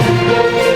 Música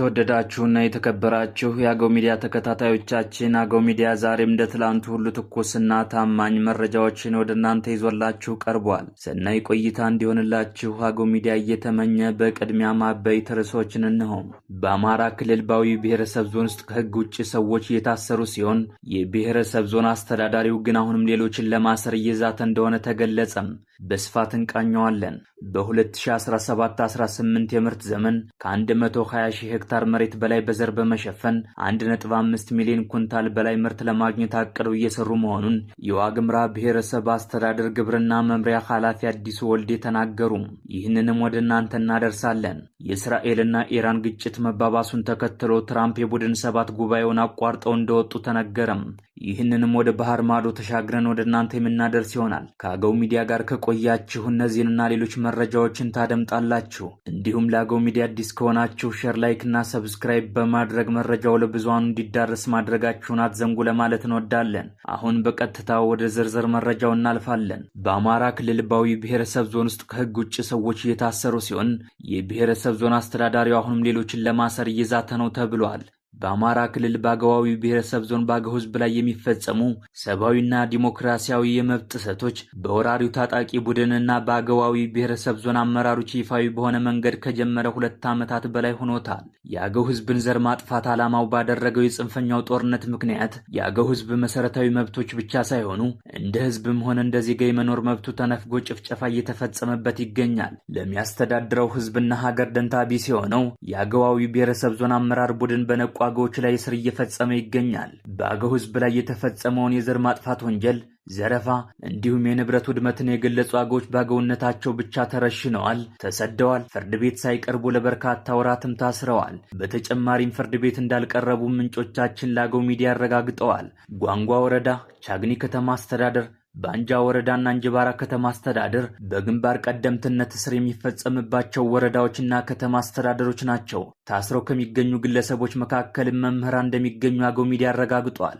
የተወደዳችሁና የተከበራችሁ የአገው ሚዲያ ተከታታዮቻችን አገው ሚዲያ ዛሬም እንደ ትላንቱ ሁሉ ትኩስና ታማኝ መረጃዎችን ወደ እናንተ ይዞላችሁ ቀርቧል። ሰናይ ቆይታ እንዲሆንላችሁ አገው ሚዲያ እየተመኘ በቅድሚያ ማበይት ርዕሶችን እንሆም። በአማራ ክልል ባዊ ብሔረሰብ ዞን ውስጥ ከህግ ውጭ ሰዎች እየታሰሩ ሲሆን የብሔረሰብ ዞን አስተዳዳሪው ግን አሁንም ሌሎችን ለማሰር እየዛተ እንደሆነ ተገለጸም። በስፋት እንቃኘዋለን። በ2017/18 የምርት ዘመን ከ120 ሺህ ሄክታር መሬት በላይ በዘር በመሸፈን 1.5 ሚሊዮን ኩንታል በላይ ምርት ለማግኘት አቅደው እየሰሩ መሆኑን የዋግምራ ብሔረሰብ አስተዳደር ግብርና መምሪያ ኃላፊ አዲሱ ወልዴ ተናገሩ። ይህንንም ወደ እናንተ እናደርሳለን። የእስራኤልና ኢራን ግጭት መባባሱን ተከትሎ ትራምፕ የቡድን ሰባት ጉባኤውን አቋርጠው እንደወጡ ተነገረም። ይህንንም ወደ ባህር ማዶ ተሻግረን ወደ እናንተ የምናደርስ ይሆናል። ከአገው ሚዲያ ጋር ከቆያችሁ እነዚህንና ሌሎች መረጃዎችን ታደምጣላችሁ። እንዲሁም ለአገው ሚዲያ አዲስ ከሆናችሁ ሼር፣ እና ሰብስክራይብ በማድረግ መረጃው ለብዙሃኑ እንዲዳረስ ማድረጋችሁን አትዘንጉ ለማለት እንወዳለን። አሁን በቀጥታ ወደ ዝርዝር መረጃው እናልፋለን። በአማራ ክልል ባዊ ብሔረሰብ ዞን ውስጥ ከህግ ውጭ ሰዎች እየታሰሩ ሲሆን የብሔረሰብ የመተከል ዞን አስተዳዳሪው አሁንም ሌሎችን ለማሰር እየዛተ ነው ተብሏል። በአማራ ክልል በአገዋዊ ብሔረሰብ ዞን በአገው ሕዝብ ላይ የሚፈጸሙ ሰብአዊና ዲሞክራሲያዊ የመብት ጥሰቶች በወራሪው ታጣቂ ቡድንና በአገዋዊ ብሔረሰብ ዞን አመራሮች ይፋዊ በሆነ መንገድ ከጀመረ ሁለት ዓመታት በላይ ሆኖታል። የአገው ሕዝብን ዘር ማጥፋት ዓላማው ባደረገው የጽንፈኛው ጦርነት ምክንያት የአገው ሕዝብ መሰረታዊ መብቶች ብቻ ሳይሆኑ እንደ ሕዝብም ሆነ እንደ ዜጋ የመኖር መብቱ ተነፍጎ ጭፍጨፋ እየተፈጸመበት ይገኛል። ለሚያስተዳድረው ሕዝብና ሀገር ደንታ ቢስ የሆነው የአገዋዊ ብሔረሰብ ዞን አመራር ቡድን በነቁ ቋንቋዎች ላይ እስር እየፈጸመ ይገኛል። በአገው ሕዝብ ላይ የተፈጸመውን የዘር ማጥፋት ወንጀል ዘረፋ እንዲሁም የንብረት ውድመትን የገለጹ አገዎች በአገውነታቸው ብቻ ተረሽነዋል፣ ተሰደዋል፣ ፍርድ ቤት ሳይቀርቡ ለበርካታ ወራትም ታስረዋል። በተጨማሪም ፍርድ ቤት እንዳልቀረቡ ምንጮቻችን ለአገው ሚዲያ አረጋግጠዋል። ጓንጓ ወረዳ ቻግኒ ከተማ አስተዳደር በአንጃ ወረዳና እንጅባራ ከተማ አስተዳደር በግንባር ቀደምትነት እስር የሚፈጸምባቸው ወረዳዎችና ከተማ አስተዳደሮች ናቸው። ታስረው ከሚገኙ ግለሰቦች መካከል መምህራን እንደሚገኙ አገው ሚዲያ አረጋግጧል።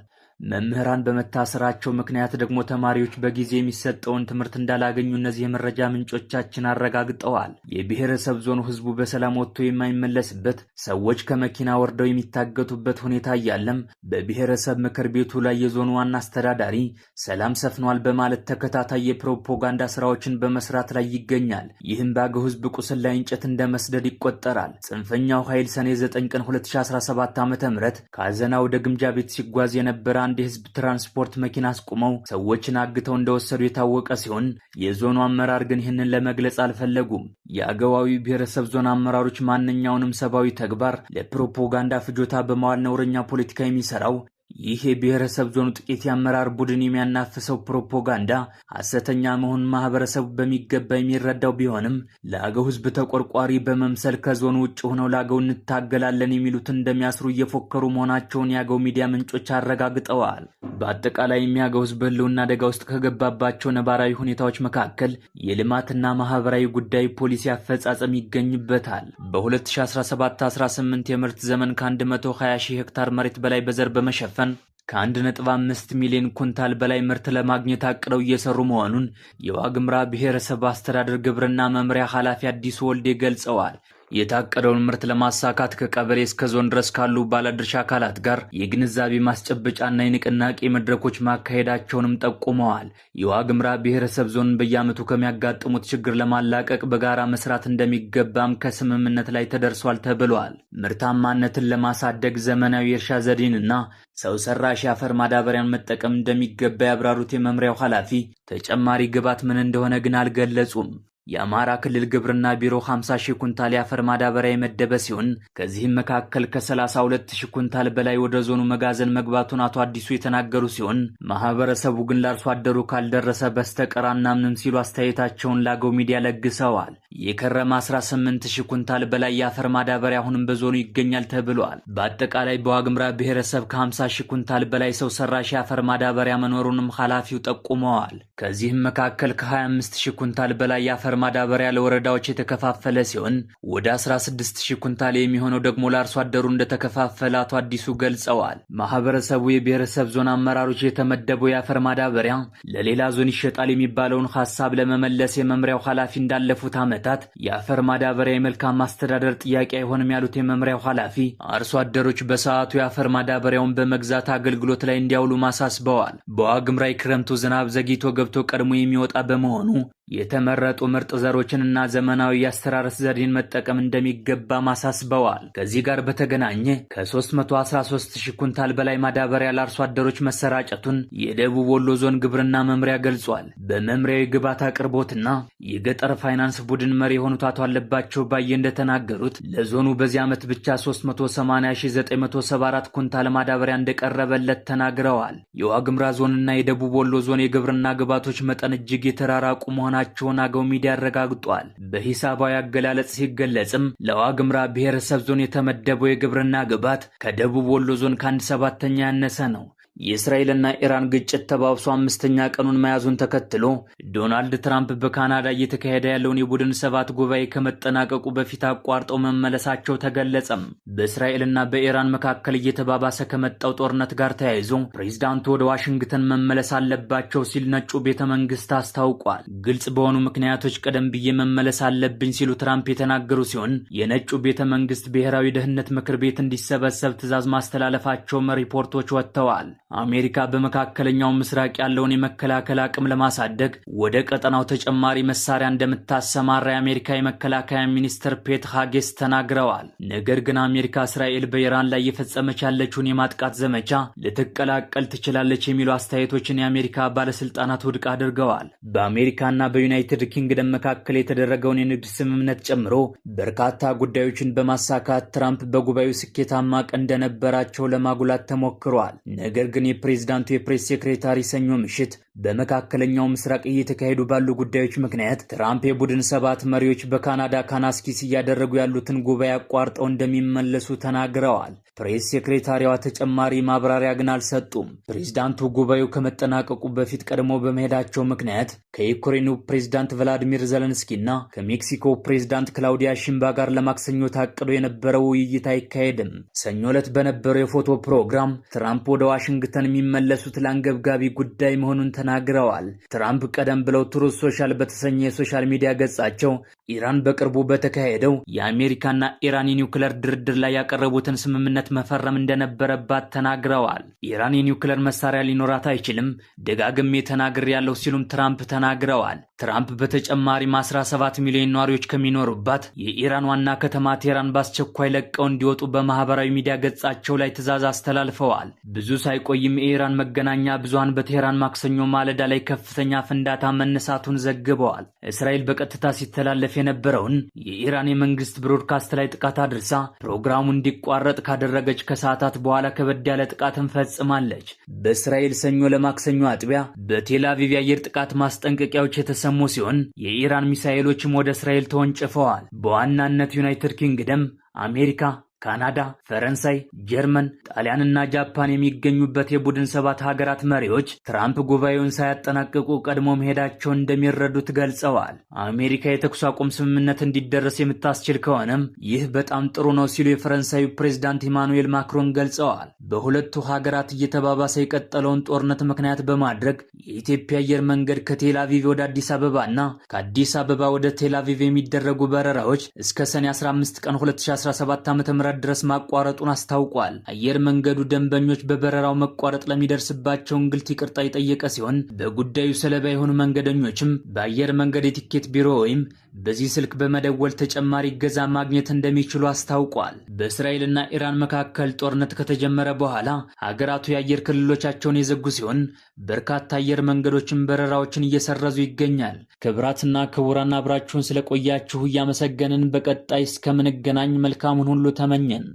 መምህራን በመታሰራቸው ምክንያት ደግሞ ተማሪዎች በጊዜ የሚሰጠውን ትምህርት እንዳላገኙ እነዚህ የመረጃ ምንጮቻችን አረጋግጠዋል። የብሔረሰብ ዞኑ ህዝቡ በሰላም ወጥቶ የማይመለስበት፣ ሰዎች ከመኪና ወርደው የሚታገቱበት ሁኔታ እያለም በብሔረሰብ ምክር ቤቱ ላይ የዞኑ ዋና አስተዳዳሪ ሰላም ሰፍኗል በማለት ተከታታይ የፕሮፓጋንዳ ስራዎችን በመስራት ላይ ይገኛል። ይህም በአገው ህዝብ ቁስል ላይ እንጨት እንደ መስደድ ይቆጠራል። ጽንፈኛው ኃይል ሰኔ 9 ቀን 2017 ዓ ም ከአዘና ወደ ግምጃ ቤት ሲጓዝ የነበረ አንድ የህዝብ ትራንስፖርት መኪና አስቁመው ሰዎችን አግተው እንደወሰዱ የታወቀ ሲሆን የዞኑ አመራር ግን ይህንን ለመግለጽ አልፈለጉም። የአገባዊ ብሔረሰብ ዞን አመራሮች ማንኛውንም ሰብአዊ ተግባር ለፕሮፓጋንዳ ፍጆታ በመዋል ነውረኛ ፖለቲካ የሚሰራው ይህ የብሔረሰብ ዞኑ ጥቂት የአመራር ቡድን የሚያናፍሰው ፕሮፓጋንዳ ሐሰተኛ መሆን ማህበረሰቡ በሚገባ የሚረዳው ቢሆንም ለአገው ሕዝብ ተቆርቋሪ በመምሰል ከዞኑ ውጭ ሆነው ለአገው እንታገላለን የሚሉትን እንደሚያስሩ እየፎከሩ መሆናቸውን የአገው ሚዲያ ምንጮች አረጋግጠዋል። በአጠቃላይ የሚያገው ሕዝብ ህልውና አደጋ ውስጥ ከገባባቸው ነባራዊ ሁኔታዎች መካከል የልማትና ማህበራዊ ጉዳይ ፖሊሲ አፈጻጸም ይገኝበታል። በ2017/18 የምርት ዘመን ከ120 ሺህ ሄክታር መሬት በላይ በዘር በመሸፈ ለማስፈን ከ1.5 ሚሊዮን ኩንታል በላይ ምርት ለማግኘት አቅደው እየሰሩ መሆኑን የዋግምራ ብሔረሰብ አስተዳደር ግብርና መምሪያ ኃላፊ አዲሱ ወልዴ ገልጸዋል። የታቀደውን ምርት ለማሳካት ከቀበሌ እስከ ዞን ድረስ ካሉ ባለድርሻ አካላት ጋር የግንዛቤ ማስጨበጫና የንቅናቄ መድረኮች ማካሄዳቸውንም ጠቁመዋል። የዋግምራ ብሔረሰብ ዞን በየዓመቱ ከሚያጋጥሙት ችግር ለማላቀቅ በጋራ መስራት እንደሚገባም ከስምምነት ላይ ተደርሷል ተብሏል። ምርታማነትን ለማሳደግ ዘመናዊ የእርሻ ዘዴንና ሰው ሰራሽ የአፈር ማዳበሪያን መጠቀም እንደሚገባ ያብራሩት የመምሪያው ኃላፊ ተጨማሪ ግብዓት ምን እንደሆነ ግን አልገለጹም። የአማራ ክልል ግብርና ቢሮ 50 ሺህ ኩንታል የአፈር ማዳበሪያ የመደበ ሲሆን ከዚህም መካከል ከ32 ሺህ ኩንታል በላይ ወደ ዞኑ መጋዘን መግባቱን አቶ አዲሱ የተናገሩ ሲሆን ማህበረሰቡ ግን ለአርሶ አደሩ ካልደረሰ በስተቀር አናምንም ሲሉ አስተያየታቸውን ላገው ሚዲያ ለግሰዋል። የከረመ 18 ሺህ ኩንታል በላይ የአፈር ማዳበሪያ አሁንም በዞኑ ይገኛል ተብሏል። በአጠቃላይ በዋግምራ ብሔረሰብ ከ50 ሺህ ኩንታል በላይ ሰው ሰራሽ የአፈር ማዳበሪያ መኖሩንም ኃላፊው ጠቁመዋል። ከዚህም መካከል ከ25 ሺህ ኩንታል በላይ የአፈር ለማዳበሪያ ለወረዳዎች የተከፋፈለ ሲሆን ወደ 16 ሺህ ኩንታል የሚሆነው ደግሞ ለአርሶ አደሩ እንደተከፋፈለ አቶ አዲሱ ገልጸዋል። ማህበረሰቡ የብሔረሰብ ዞን አመራሮች የተመደበው የአፈር ማዳበሪያ ለሌላ ዞን ይሸጣል የሚባለውን ሀሳብ ለመመለስ የመምሪያው ኃላፊ እንዳለፉት ዓመታት የአፈር ማዳበሪያ የመልካም ማስተዳደር ጥያቄ አይሆንም ያሉት የመምሪያው ኃላፊ አርሶ አደሮች በሰዓቱ የአፈር ማዳበሪያውን በመግዛት አገልግሎት ላይ እንዲያውሉ ማሳስበዋል። በዋግምራይ ክረምቱ ዝናብ ዘግይቶ ገብቶ ቀድሞ የሚወጣ በመሆኑ የተመረጡ ምርጥ ዘሮችንና ዘመናዊ የአስተራረስ ዘዴን መጠቀም እንደሚገባ አሳስበዋል። ከዚህ ጋር በተገናኘ ከ313 ሺህ ኩንታል በላይ ማዳበሪያ ለአርሶ አደሮች መሰራጨቱን የደቡብ ወሎ ዞን ግብርና መምሪያ ገልጿል። በመምሪያዊ ግብዓት አቅርቦትና የገጠር ፋይናንስ ቡድን መሪ የሆኑት አቶ አለባቸው ባየ እንደተናገሩት ለዞኑ በዚህ ዓመት ብቻ 380974 ኩንታል ማዳበሪያ እንደቀረበለት ተናግረዋል። የዋግምራ ዞንና የደቡብ ወሎ ዞን የግብርና ግብዓቶች መጠን እጅግ የተራራቁ መሆናል መሆናቸውን አገው ሚዲያ አረጋግጧል። በሂሳባዊ አገላለጽ ሲገለጽም ለዋግምራ ብሔረሰብ ዞን የተመደበው የግብርና ግብዓት ከደቡብ ወሎ ዞን ከአንድ ሰባተኛ ያነሰ ነው። የእስራኤልና ኢራን ግጭት ተባብሶ አምስተኛ ቀኑን መያዙን ተከትሎ ዶናልድ ትራምፕ በካናዳ እየተካሄደ ያለውን የቡድን ሰባት ጉባኤ ከመጠናቀቁ በፊት አቋርጠው መመለሳቸው ተገለጸም። በእስራኤልና በኢራን መካከል እየተባባሰ ከመጣው ጦርነት ጋር ተያይዞ ፕሬዚዳንቱ ወደ ዋሽንግተን መመለስ አለባቸው ሲል ነጩ ቤተ መንግስት አስታውቋል። ግልጽ በሆኑ ምክንያቶች ቀደም ብዬ መመለስ አለብኝ ሲሉ ትራምፕ የተናገሩ ሲሆን የነጩ ቤተ መንግስት ብሔራዊ ደህንነት ምክር ቤት እንዲሰበሰብ ትዕዛዝ ማስተላለፋቸውም ሪፖርቶች ወጥተዋል። አሜሪካ በመካከለኛው ምስራቅ ያለውን የመከላከል አቅም ለማሳደግ ወደ ቀጠናው ተጨማሪ መሳሪያ እንደምታሰማራ የአሜሪካ የመከላከያ ሚኒስትር ፔት ሃጌስ ተናግረዋል። ነገር ግን አሜሪካ እስራኤል በኢራን ላይ እየፈጸመች ያለችውን የማጥቃት ዘመቻ ልትቀላቀል ትችላለች የሚሉ አስተያየቶችን የአሜሪካ ባለስልጣናት ውድቅ አድርገዋል። በአሜሪካና በዩናይትድ ኪንግደም መካከል የተደረገውን የንግድ ስምምነት ጨምሮ በርካታ ጉዳዮችን በማሳካት ትራምፕ በጉባኤው ስኬታማ ቀን እንደነበራቸው ለማጉላት ተሞክሯል። ነገር ግን ግን የፕሬዝዳንቱ የፕሬስ ሴክሬታሪ ሰኞ ምሽት በመካከለኛው ምስራቅ እየተካሄዱ ባሉ ጉዳዮች ምክንያት ትራምፕ የቡድን ሰባት መሪዎች በካናዳ ካናስኪስ እያደረጉ ያሉትን ጉባኤ አቋርጠው እንደሚመለሱ ተናግረዋል። ፕሬስ ሴክሬታሪዋ ተጨማሪ ማብራሪያ ግን አልሰጡም። ፕሬዝዳንቱ ጉባኤው ከመጠናቀቁ በፊት ቀድሞ በመሄዳቸው ምክንያት ከዩክሬኑ ፕሬዝዳንት ቭላዲሚር ዘለንስኪና ከሜክሲኮ ፕሬዝዳንት ክላውዲያ ሽምባ ጋር ለማክሰኞ ታቅዶ የነበረው ውይይት አይካሄድም። ሰኞ ዕለት በነበረው የፎቶ ፕሮግራም ትራምፕ ወደ ዋሽንግተን የሚመለሱት ለአንገብጋቢ ጉዳይ መሆኑን ተናግረዋል። ትራምፕ ቀደም ብለው ትሩዝ ሶሻል በተሰኘ የሶሻል ሚዲያ ገጻቸው ኢራን በቅርቡ በተካሄደው የአሜሪካና ኢራን የኒውክለር ድርድር ላይ ያቀረቡትን ስምምነት መፈረም እንደነበረባት ተናግረዋል። ኢራን የኒውክለር መሳሪያ ሊኖራት አይችልም፣ ደጋግሜ ተናግሬያለሁ ሲሉም ትራምፕ ተናግረዋል። ትራምፕ በተጨማሪም 17 ሚሊዮን ነዋሪዎች ከሚኖሩባት የኢራን ዋና ከተማ ቴህራን በአስቸኳይ ለቀው እንዲወጡ በማህበራዊ ሚዲያ ገጻቸው ላይ ትዕዛዝ አስተላልፈዋል። ብዙ ሳይቆይም የኢራን መገናኛ ብዙሃን በቴህራን ማክሰኞ ማለዳ ላይ ከፍተኛ ፍንዳታ መነሳቱን ዘግበዋል። እስራኤል በቀጥታ ሲተላለፍ የነበረውን የኢራን የመንግስት ብሮድካስት ላይ ጥቃት አድርሳ ፕሮግራሙ እንዲቋረጥ ካደረገች ከሰዓታት በኋላ ከበድ ያለ ጥቃትን ፈጽማለች። በእስራኤል ሰኞ ለማክሰኞ አጥቢያ በቴል አቪቭ የአየር ጥቃት ማስጠንቀቂያዎች የተሰ የተሰሙ ሲሆን የኢራን ሚሳኤሎችም ወደ እስራኤል ተወንጭፈዋል። በዋናነት ዩናይትድ ኪንግደም፣ አሜሪካ ካናዳ፣ ፈረንሳይ፣ ጀርመን፣ ጣሊያንና ጃፓን የሚገኙበት የቡድን ሰባት ሀገራት መሪዎች ትራምፕ ጉባኤውን ሳያጠናቅቁ ቀድሞ መሄዳቸውን እንደሚረዱት ገልጸዋል። አሜሪካ የተኩስ አቁም ስምምነት እንዲደረስ የምታስችል ከሆነም ይህ በጣም ጥሩ ነው ሲሉ የፈረንሳዩ ፕሬዚዳንት ኢማኑኤል ማክሮን ገልጸዋል። በሁለቱ ሀገራት እየተባባሰ የቀጠለውን ጦርነት ምክንያት በማድረግ የኢትዮጵያ አየር መንገድ ከቴል አቪቭ ወደ አዲስ አበባና ከአዲስ አበባ ወደ ቴል አቪቭ የሚደረጉ በረራዎች እስከ ሰኔ 15 ቀን 2017 ዓ.ም በረራድ ድረስ ማቋረጡን አስታውቋል። አየር መንገዱ ደንበኞች በበረራው መቋረጥ ለሚደርስባቸው እንግልት ይቅርታ የጠየቀ ሲሆን በጉዳዩ ሰለባ የሆኑ መንገደኞችም በአየር መንገድ የቲኬት ቢሮ ወይም በዚህ ስልክ በመደወል ተጨማሪ ገዛ ማግኘት እንደሚችሉ አስታውቋል። በእስራኤልና ኢራን መካከል ጦርነት ከተጀመረ በኋላ ሀገራቱ የአየር ክልሎቻቸውን የዘጉ ሲሆን በርካታ አየር መንገዶችን በረራዎችን እየሰረዙ ይገኛል። ክብራትና ክቡራን አብራችሁን ስለቆያችሁ እያመሰገንን በቀጣይ እስከምንገናኝ መልካሙን ሁሉ ተመ ተገናኘን።